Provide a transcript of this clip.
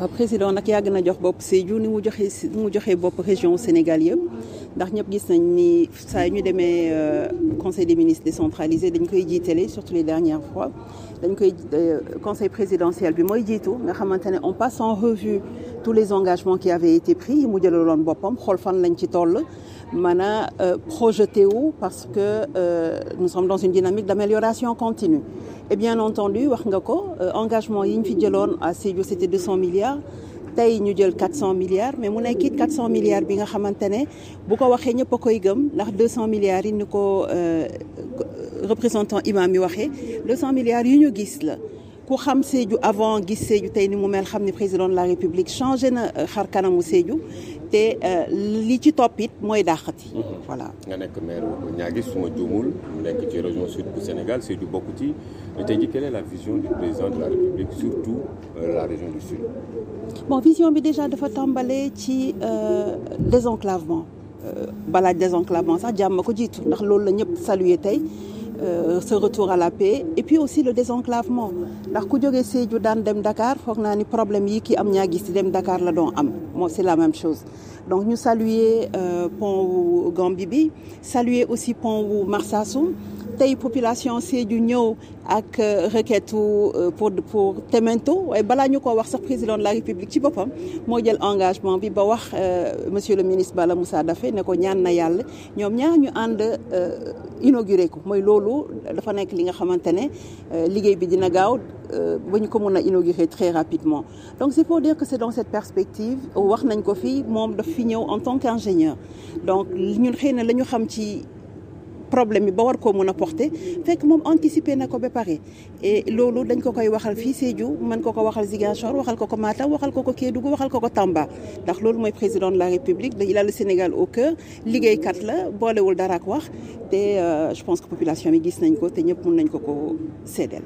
waaw euh, président nag yàgg na jox bopp Sédhiou ni mu joxee ni mu joxee bopp région Sénégal yëpp ndax ñëpp gis nañ ni saa ñu demee euh, conseil des ministres décentralisé dañ koy jiitale surtout les dernières fois dañ koy euh, conseil présidentiel bi mooy jiitu nga xamante ne on passe en revue tous les engagements qui avaient été pris mu jëlaloon boppam xool fan lañ ci toll mën a euh, projeté wu parce que euh, nous sommes dans une dynamique d'amélioration continue et bien entendu wax nga ko euh, engagement yi ñu fi jëloon à Sédhiou c'était 200 milliards tey ñu jël 400 milliards mais mu nekk it 400 milliards bi nga xamante ne bu ko waxee ñëpp a koy gëm ndax 200 milliards yi ni ko euh, représentant imam yi waxee 200 milliards yu ñu gis la ku xam Sédhiou avant gis Sédhiou tey ni mu mel xam ni président de la République changé na euh, xar kanamu Sédhiou te euh, li ci topp it mooy dàqati. Mhm. voilà nga nekk maire Niaguis suma juumul mu nekk ci région sud bu Sénégal Sédhiou bokku ci tey ji quelle est la vision du président de la République surtout euh, la région du sud. bon vision bi déjà dafa tàmbale ci désenclavement balaa désenclavement sax jàmm ko jiitu ndax loolu la ñëpp salué tey. Euh, ce retour à la paix et puis aussi le désenclavement ndax ku se Sédhiou daan dem Dakar foog naa ni problème yi ki am ñaa gis di dem Dakar la doon am moo c'est la même chose donc ñu saluer euh, pont wu Gambie bi saluer aussi pont wu Marsassoum tey population ju ñëw ak euh, requêtu euh, pour pour Temento waaye balaa ñu ko wax sax président de la République ci boppam moo jël engagement bi ba wax euh, monsieur le ministre Bala Moussa Daffé ne ñaan na yàlla ñoom ñaar ñu ànd inauguré ko mooy loolu dafa nekk li nga xamante ne liggéey bi dina gaaw ba ñu ko mun a inauguré très rapidement donc c'est pour dire que c'est dans cette perspective wax nañ ko fii moom daf fi ñëw en tant qu'ingénieur donc ñun xëy na xam ci problème bi ba war koo mën a porter fekk moom anticiper na ko ba pare et loolu dañ ko koy waxal fii Sédhiou mën ko ko waxal Ziguinchor waxal ko ko Matam waxal ko ko Kédougou waxal ko ko Tamba ndax loolu mooy président de la République il a le Sénégal au cœur kat la boolewul dara ak wax te euh, je pense que population bi gis nañ ko te ñëpp mën nañ ko ko seedeel